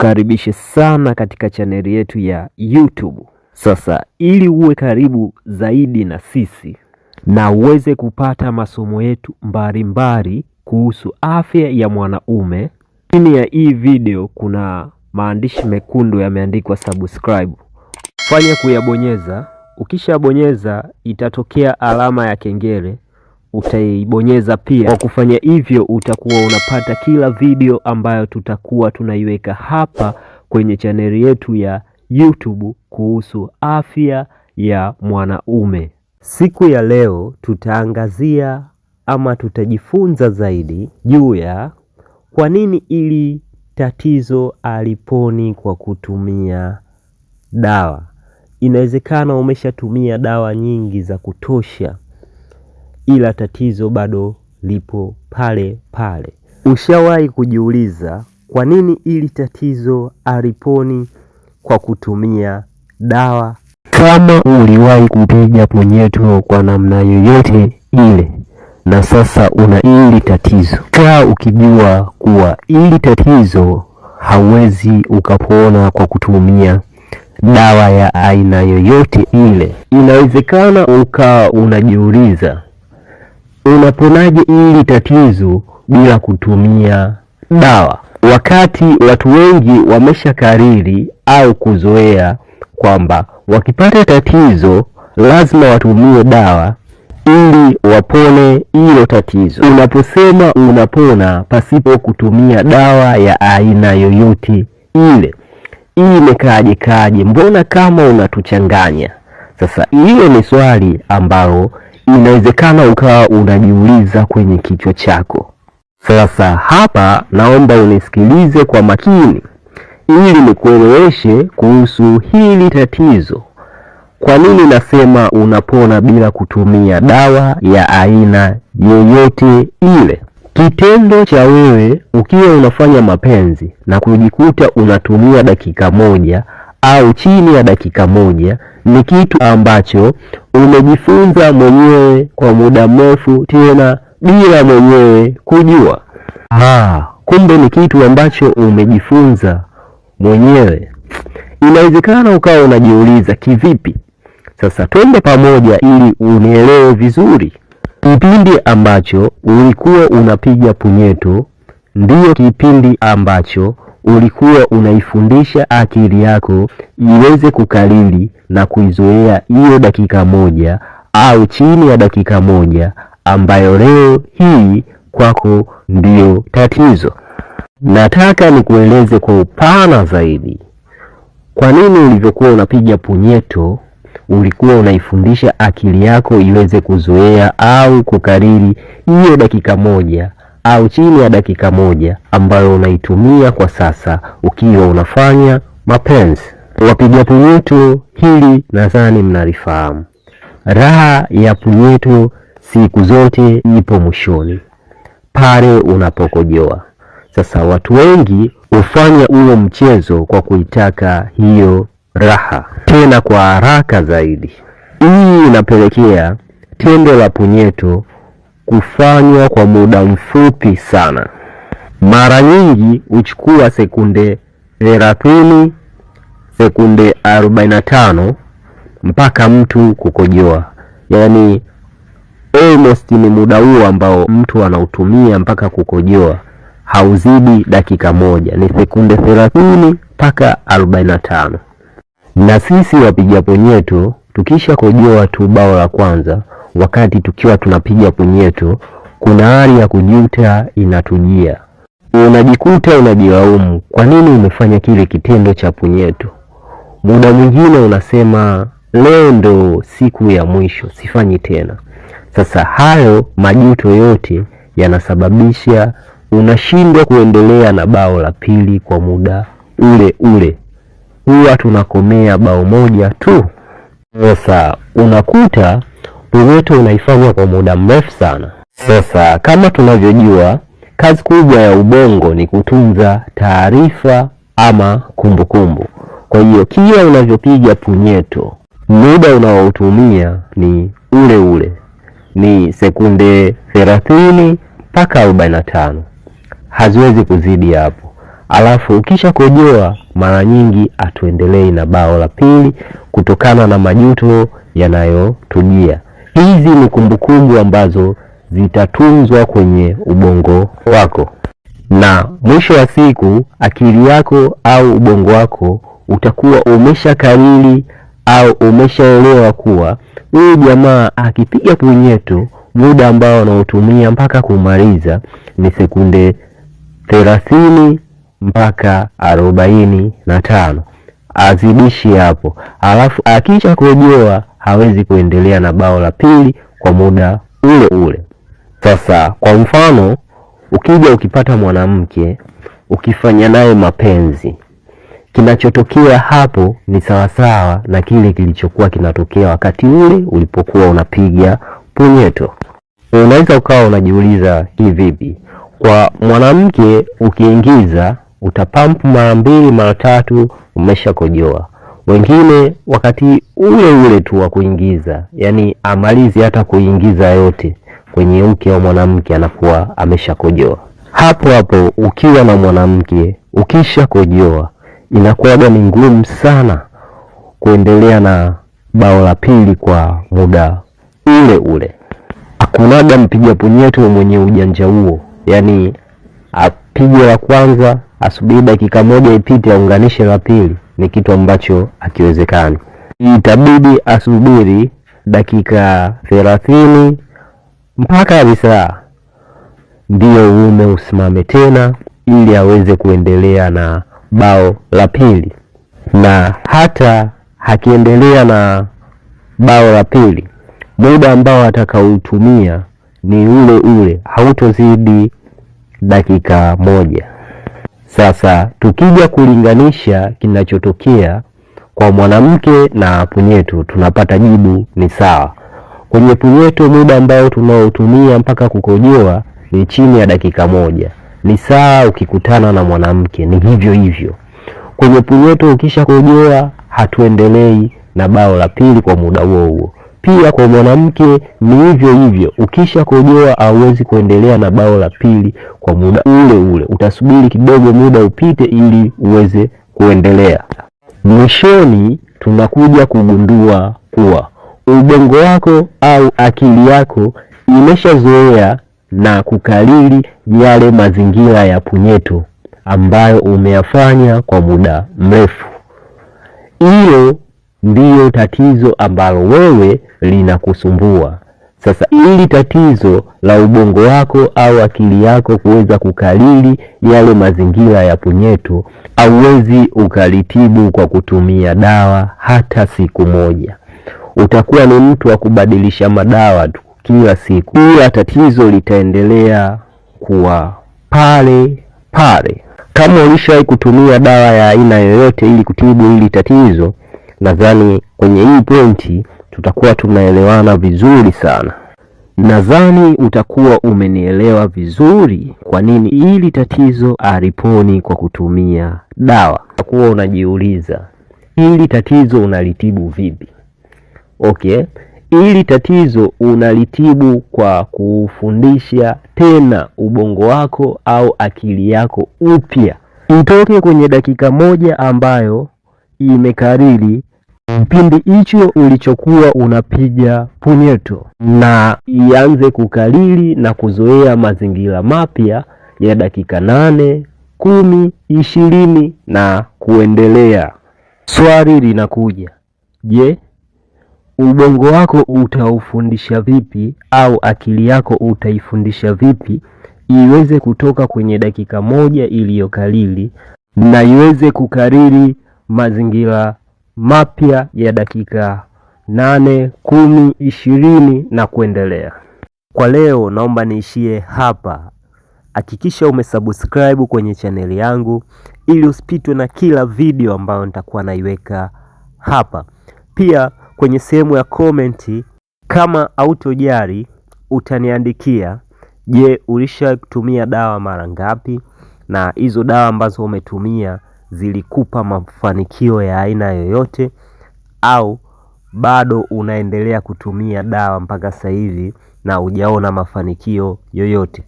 Nikukaribishe sana katika chaneli yetu ya YouTube. Sasa ili uwe karibu zaidi na sisi na uweze kupata masomo yetu mbalimbali kuhusu afya ya mwanaume, chini ya hii video kuna maandishi mekundu yameandikwa subscribe. Fanya kuyabonyeza, ukishabonyeza itatokea alama ya kengele utaibonyeza pia. Kwa kufanya hivyo, utakuwa unapata kila video ambayo tutakuwa tunaiweka hapa kwenye chaneli yetu ya YouTube kuhusu afya ya mwanaume. Siku ya leo tutaangazia ama tutajifunza zaidi juu ya kwa nini ili tatizo aliponi kwa kutumia dawa. Inawezekana umeshatumia dawa nyingi za kutosha ila tatizo bado lipo pale pale. Ushawahi kujiuliza kwa nini ili tatizo aliponi kwa kutumia dawa? Kama uliwahi kupiga punyeto kwa namna yoyote ile na sasa una ili tatizo, kaa ukijua kuwa ili tatizo hauwezi ukapona kwa kutumia dawa ya aina yoyote ile. Inawezekana ukawa unajiuliza unaponaje hili tatizo bila kutumia dawa, wakati watu wengi wameshakariri au kuzoea kwamba wakipata tatizo lazima watumie dawa ili wapone hilo tatizo. Unaposema unapona pasipo kutumia dawa ya aina yoyote ile, hii imekaaje kaje? Mbona kama unatuchanganya? Sasa hilo ni swali ambalo inawezekana ukawa unajiuliza kwenye kichwa chako. Sasa hapa naomba unisikilize kwa makini ili nikueleweshe kuhusu hili tatizo. Kwa nini nasema unapona bila kutumia dawa ya aina yoyote ile? Kitendo cha wewe ukiwa unafanya mapenzi na kujikuta unatumia dakika moja au chini ya dakika moja ni kitu ambacho umejifunza mwenyewe kwa muda mrefu, tena bila mwenyewe kujua. Ah, kumbe ni kitu ambacho umejifunza mwenyewe. Inawezekana ukawa unajiuliza kivipi? Sasa twende pamoja ili unielewe vizuri. Kipindi ambacho ulikuwa unapiga punyeto ndiyo kipindi ambacho ulikuwa unaifundisha akili yako iweze kukalili na kuizoea hiyo dakika moja au chini ya dakika moja ambayo leo hii kwako ndiyo tatizo. Nataka nikueleze kwa upana zaidi kwa nini ulivyokuwa unapiga punyeto ulikuwa unaifundisha akili yako iweze kuzoea au kukariri hiyo dakika moja au chini ya dakika moja ambayo unaitumia kwa sasa ukiwa unafanya mapenzi. Wapiga punyeto, hili nadhani mnalifahamu. Raha ya punyeto siku zote ipo mwishoni pale unapokojoa. Sasa watu wengi hufanya huo mchezo kwa kuitaka hiyo raha, tena kwa haraka zaidi. Hii inapelekea tendo la punyeto kufanywa kwa muda mfupi sana. Mara nyingi huchukua sekunde 30, sekunde 45 mpaka mtu kukojoa, yaani almost ni muda huo ambao mtu anautumia mpaka kukojoa, hauzidi dakika moja, ni sekunde 30 mpaka 45. Na sisi wapiga ponyeto tukisha kojoa tu bao la kwanza wakati tukiwa tunapiga punyeto, kuna hali ya kujuta inatujia. Unajikuta unajilaumu kwa nini umefanya kile kitendo cha punyeto. Muda mwingine unasema leo ndo siku ya mwisho, sifanyi tena. Sasa hayo majuto yote yanasababisha unashindwa kuendelea na bao la pili kwa muda ule ule. Huwa tunakomea bao moja tu. Sasa unakuta wetu unaifanya kwa muda mrefu sana. Sasa kama tunavyojua, kazi kubwa ya ubongo ni kutunza taarifa ama kumbukumbu. Kwa hiyo kila unavyopiga punyeto, muda unaoutumia ni ule ule, ni sekunde thelathini mpaka arobaini na tano, haziwezi kuzidi hapo. Alafu ukisha kojoa, mara nyingi hatuendelei na bao la pili kutokana na majuto yanayotujia. Hizi ni kumbukumbu ambazo zitatunzwa kwenye ubongo wako, na mwisho wa siku akili yako au ubongo wako utakuwa umesha umeshakariri au umeshaelewa kuwa huyu jamaa akipiga punyeto muda ambao anaotumia mpaka kumaliza ni sekunde thelathini mpaka arobaini na tano azidishi hapo, alafu akisha kujua hawezi kuendelea na bao la pili kwa muda ule ule. Sasa kwa mfano, ukija ukipata mwanamke ukifanya naye mapenzi, kinachotokea hapo ni sawasawa na kile kilichokuwa kinatokea wakati ule ulipokuwa unapiga punyeto. Unaweza ukawa unajiuliza, hii vipi? Kwa mwanamke ukiingiza utapampu mara mbili mara tatu, umesha kojoa. Wengine wakati ule ule tu wa kuingiza, yani amalizi hata kuingiza yote kwenye uke wa mwanamke, anakuwa ameshakojoa hapo hapo. Ukiwa na mwanamke ukishakojoa, inakuwaga ni ngumu sana kuendelea na bao la pili kwa muda ule ule. akunaga mpiga punyeto mwenye ujanja huo, yani apige la kwanza, asubiri dakika moja ipite, aunganishe la pili, ni kitu ambacho hakiwezekani. Itabidi asubiri dakika thelathini mpaka bisaa ndio uume usimame tena, ili aweze kuendelea na bao la pili. Na hata akiendelea na bao la pili, muda ambao atakautumia ni ule ule, hautozidi dakika moja. Sasa tukija kulinganisha kinachotokea kwa mwanamke na punyeto, tunapata jibu ni sawa. Kwenye punyeto muda ambao tunaotumia mpaka kukojoa ni chini ya dakika moja, ni sawa. Ukikutana na mwanamke ni hivyo hivyo. Kwenye punyeto ukishakojoa, hatuendelei na bao la pili kwa muda huo huo. Pia kwa mwanamke ni hivyo hivyo, ukisha kojoa hauwezi kuendelea na bao la pili kwa muda ule ule, utasubiri kidogo muda upite ili uweze kuendelea. Mwishoni tunakuja kugundua kuwa ubongo wako au akili yako imeshazoea na kukalili yale mazingira ya punyeto ambayo umeyafanya kwa muda mrefu. hiyo ndiyo tatizo ambalo wewe linakusumbua. Sasa ili tatizo la ubongo wako au akili yako kuweza kukalili yale mazingira ya punyeto, auwezi ukalitibu kwa kutumia dawa hata siku moja. Utakuwa ni mtu wa kubadilisha madawa tu kila siku, ila tatizo litaendelea kuwa pale pale. Kama ulishawahi kutumia dawa ya aina yoyote ili kutibu hili tatizo, nadhani kwenye hii pointi tutakuwa tunaelewana vizuri sana. Nadhani utakuwa umenielewa vizuri kwa nini hili tatizo aliponi kwa kutumia dawa. Utakuwa unajiuliza hili tatizo unalitibu vipi? Okay, hili tatizo unalitibu kwa kufundisha tena ubongo wako au akili yako upya itoke kwenye dakika moja ambayo imekariri kipindi hicho ulichokuwa unapiga punyeto, na ianze kukalili na kuzoea mazingira mapya ya dakika nane, kumi, ishirini na kuendelea. Swali linakuja, je, ubongo wako utaufundisha vipi au akili yako utaifundisha vipi iweze kutoka kwenye dakika moja iliyokalili na iweze kukariri mazingira mapya ya dakika nane, kumi, ishirini na kuendelea. Kwa leo naomba niishie hapa. Hakikisha umesubscribe kwenye chaneli yangu ili usipitwe na kila video ambayo nitakuwa naiweka hapa. Pia kwenye sehemu ya komenti, kama autojari utaniandikia, je, ulishatumia dawa mara ngapi na hizo dawa ambazo umetumia zilikupa mafanikio ya aina yoyote au bado unaendelea kutumia dawa mpaka sasa hivi na hujaona mafanikio yoyote?